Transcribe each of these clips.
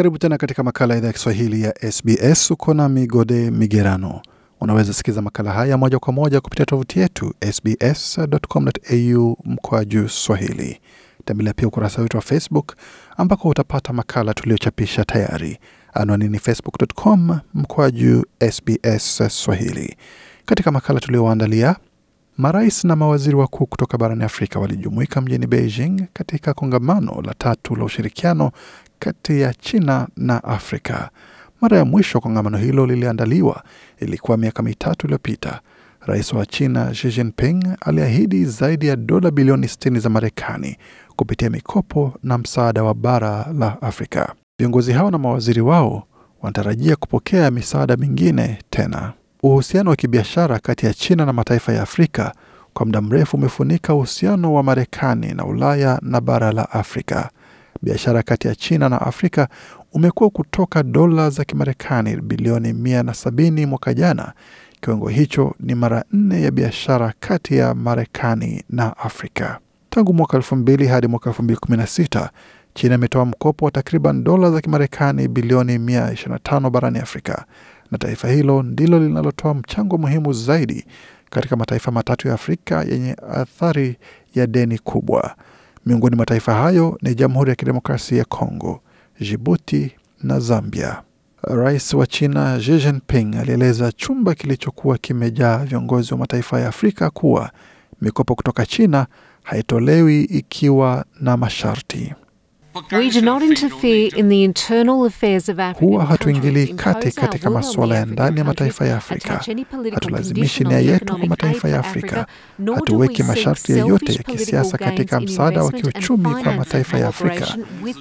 Karibu tena katika makala ya idhaa ya Kiswahili ya SBS. Uko na Migode Migerano. Unaweza sikiza makala haya moja kwa moja kupitia tovuti yetu sbs.com.au juu swahili. Tembelea pia ukurasa wetu wa Facebook ambako utapata makala tuliochapisha tayari. Anwani ni facebook.com mkwaju sbs swahili. Katika makala tuliyoandalia Marais na mawaziri wakuu kutoka barani Afrika walijumuika mjini Beijing katika kongamano la tatu la ushirikiano kati ya China na Afrika. Mara ya mwisho kongamano hilo liliandaliwa ilikuwa miaka mitatu iliyopita. Rais wa China Xi Jinping aliahidi zaidi ya dola bilioni 60 za Marekani kupitia mikopo na msaada wa bara la Afrika. Viongozi hao na mawaziri wao wanatarajia kupokea misaada mingine tena. Uhusiano wa kibiashara kati ya China na mataifa ya Afrika kwa muda mrefu umefunika uhusiano wa Marekani na Ulaya na bara la Afrika. Biashara kati ya China na Afrika umekuwa kutoka dola za Kimarekani bilioni 170 mwaka jana. Kiwango hicho ni mara nne ya biashara kati ya Marekani na Afrika. Tangu mwaka 2000 hadi mwaka 2016 China imetoa mkopo wa takriban dola za Kimarekani bilioni 125 barani Afrika na taifa hilo ndilo linalotoa mchango muhimu zaidi katika mataifa matatu ya Afrika yenye athari ya deni kubwa. Miongoni mwa taifa hayo ni Jamhuri ya Kidemokrasia ya Kongo, Jibuti na Zambia. Rais wa China Xi Jinping alieleza chumba kilichokuwa kimejaa viongozi wa mataifa ya Afrika kuwa mikopo kutoka China haitolewi ikiwa na masharti. Huwa hatuingilii kati katika masuala ya ndani ya mataifa ya Afrika. Hatulazimishi nia yetu kwa mataifa ya Afrika. Hatuweki masharti yoyote ya kisiasa katika msaada wa kiuchumi kwa mataifa ya Afrika,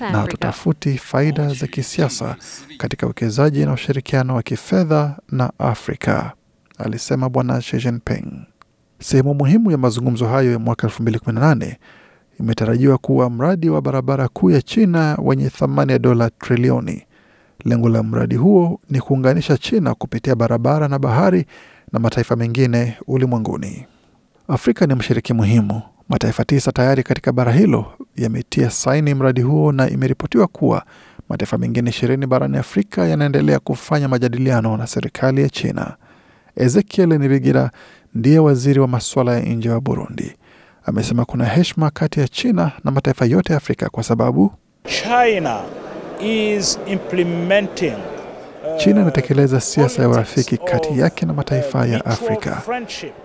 na hatutafuti faida za kisiasa katika uwekezaji na ushirikiano wa kifedha na Afrika, alisema Bwana Xi Jinping. Sehemu muhimu ya mazungumzo hayo ya mwaka 2018 imetarajiwa kuwa mradi wa barabara kuu ya China wenye thamani ya dola trilioni. Lengo la mradi huo ni kuunganisha China kupitia barabara na bahari na mataifa mengine ulimwenguni. Afrika ni mshiriki muhimu. Mataifa tisa tayari katika bara hilo yametia saini mradi huo na imeripotiwa kuwa mataifa mengine ishirini barani Afrika yanaendelea kufanya majadiliano na serikali ya China. Ezekiel Nibigira ndiye waziri wa masuala ya nje wa Burundi amesema kuna heshima kati ya China na mataifa yote ya Afrika kwa sababu China is implementing uh, China inatekeleza siasa ya urafiki kati yake na mataifa ya Afrika,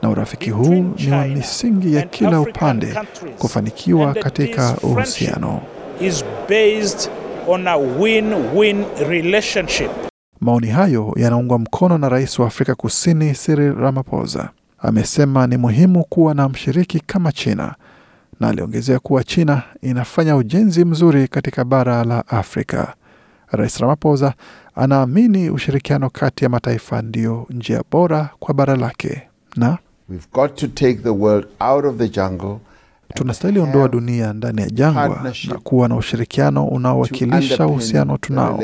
na urafiki huu ni wa misingi ya kila upande kufanikiwa katika uhusiano. Maoni hayo yanaungwa mkono na rais wa Afrika Kusini Cyril Ramaphosa amesema ni muhimu kuwa na mshiriki kama China na aliongezea kuwa China inafanya ujenzi mzuri katika bara la Afrika. Rais Ramaphosa anaamini ushirikiano kati ya mataifa ndiyo njia bora kwa bara lake, na tunastahili ondoa dunia ndani ya jangwa na kuwa na ushirikiano unaowakilisha uhusiano tunao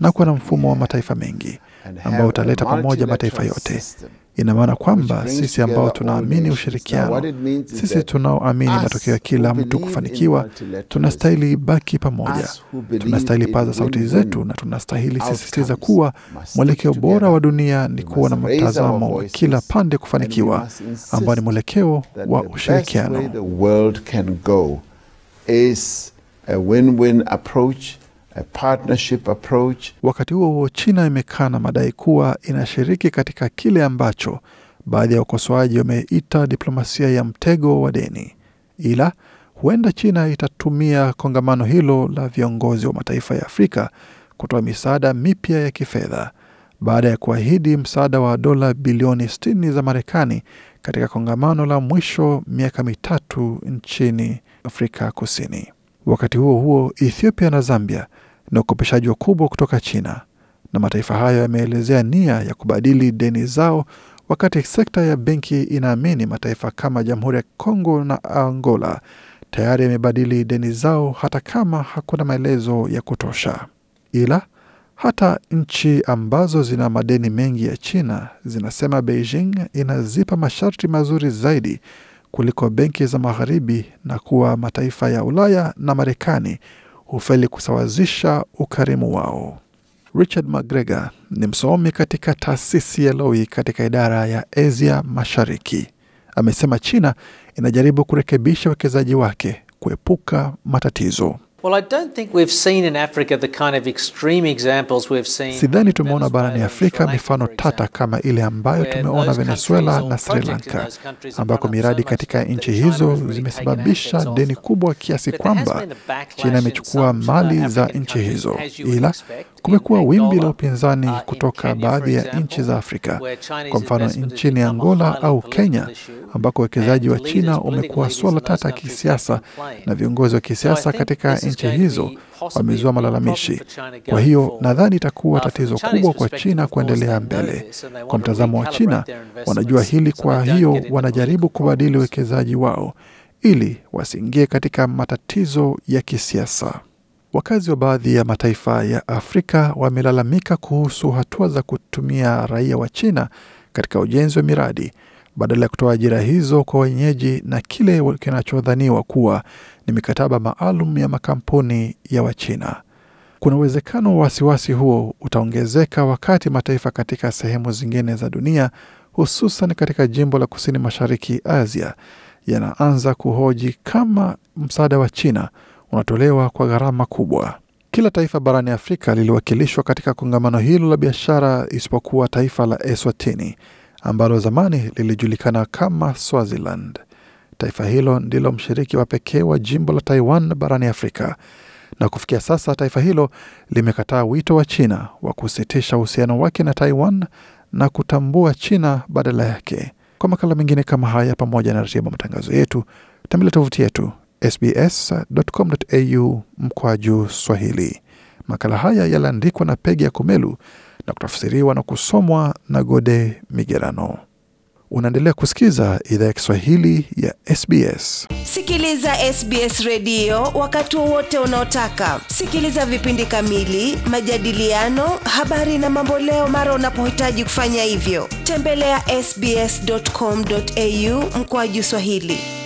na kuwa na mfumo wa mataifa mengi ambao utaleta pamoja mataifa yote system Ina maana kwamba sisi ambao tunaamini ushirikiano, sisi tunaoamini matokeo ya kila mtu kufanikiwa, tunastahili baki pamoja, tunastahili paza sauti zetu, na tunastahili sisitiza kuwa mwelekeo bora wa dunia ni kuwa na mtazamo wa kila pande kufanikiwa, ambao ni mwelekeo wa ushirikiano. A partnership approach. Wakati huo huo, China imekaa na madai kuwa inashiriki katika kile ambacho baadhi ya wakosoaji wameita diplomasia ya mtego wa deni, ila huenda China itatumia kongamano hilo la viongozi wa mataifa ya Afrika kutoa misaada mipya ya kifedha baada ya kuahidi msaada wa dola bilioni 60 za Marekani katika kongamano la mwisho miaka mitatu nchini Afrika Kusini. Wakati huo huo, Ethiopia na Zambia na ukopeshaji wakubwa kutoka China, na mataifa hayo yameelezea nia ya kubadili deni zao, wakati sekta ya benki inaamini mataifa kama Jamhuri ya Kongo na Angola tayari yamebadili deni zao, hata kama hakuna maelezo ya kutosha. Ila hata nchi ambazo zina madeni mengi ya China zinasema Beijing inazipa masharti mazuri zaidi kuliko benki za magharibi na kuwa mataifa ya Ulaya na Marekani hufeli kusawazisha ukarimu wao. Richard McGregor ni msomi katika taasisi ya Lowy katika idara ya Asia Mashariki. Amesema China inajaribu kurekebisha uwekezaji wake kuepuka matatizo. Sidhani tumeona barani Afrika mifano tata kama ile ambayo tumeona Venezuela na Sri Lanka, ambako miradi katika nchi hizo zimesababisha deni kubwa kiasi kwamba China imechukua mali za nchi hizo. Ila kumekuwa wimbi la upinzani uh, kutoka baadhi ya nchi za Afrika, kwa mfano nchini Angola au Kenya, ambako uwekezaji wa China umekuwa swala tata kisiasa na viongozi wa kisiasa katika nchi hizo wamezua malalamishi. Kwa hiyo nadhani itakuwa uh, tatizo kubwa kwa China kuendelea mbele. Kwa mtazamo wa China, wanajua hili, kwa hiyo wanajaribu kubadili uwekezaji wao ili wasiingie katika matatizo ya kisiasa. Wakazi wa baadhi ya mataifa ya Afrika wamelalamika kuhusu hatua za kutumia raia wa China katika ujenzi wa miradi badala ya kutoa ajira hizo kwa wenyeji na kile kinachodhaniwa kuwa ni mikataba maalum ya makampuni ya Wachina. Kuna uwezekano wa wasiwasi huo utaongezeka wakati mataifa katika sehemu zingine za dunia, hususan katika jimbo la kusini mashariki Asia, yanaanza kuhoji kama msaada wa China unatolewa kwa gharama kubwa. Kila taifa barani Afrika liliwakilishwa katika kongamano hilo la biashara isipokuwa taifa la Eswatini ambalo zamani lilijulikana kama Swaziland. Taifa hilo ndilo mshiriki wa pekee wa jimbo la Taiwan barani Afrika, na kufikia sasa taifa hilo limekataa wito wa China wa kusitisha uhusiano wake na Taiwan na kutambua China badala yake. Kwa makala mengine kama haya, pamoja na ratiba matangazo yetu, tembelea tovuti yetu sbs.com.au mkwaju Swahili. Makala haya yaliandikwa na Pegi ya Kumelu na kutafsiriwa na kusomwa na Gode Migerano. Unaendelea kusikiza idhaa ya Kiswahili ya SBS. Sikiliza SBS redio wakati wowote unaotaka. Sikiliza vipindi kamili, majadiliano, habari na mamboleo mara unapohitaji kufanya hivyo. Tembelea ya sbs.com.au mkoaju Swahili.